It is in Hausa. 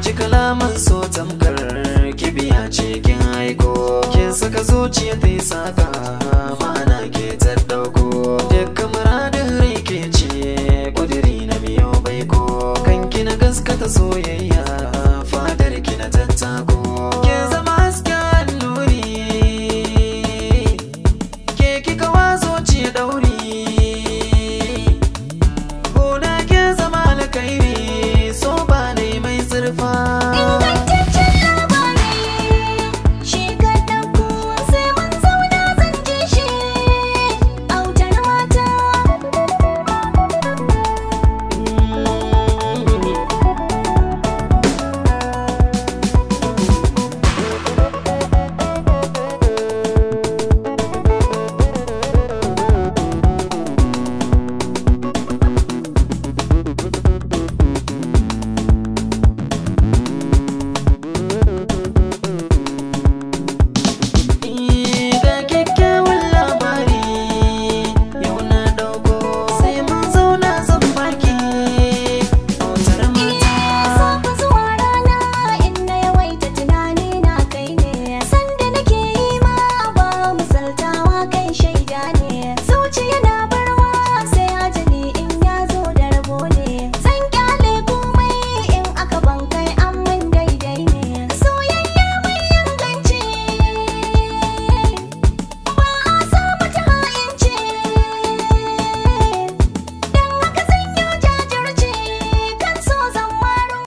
ci kalaman so tamkar kibiya ce kin haiko. Ke saka zuciya ta yi saka ma'ana ke tattauko dukkan muradin rai ke ce kudiri na biyo baiko kan kina gaskata soyayya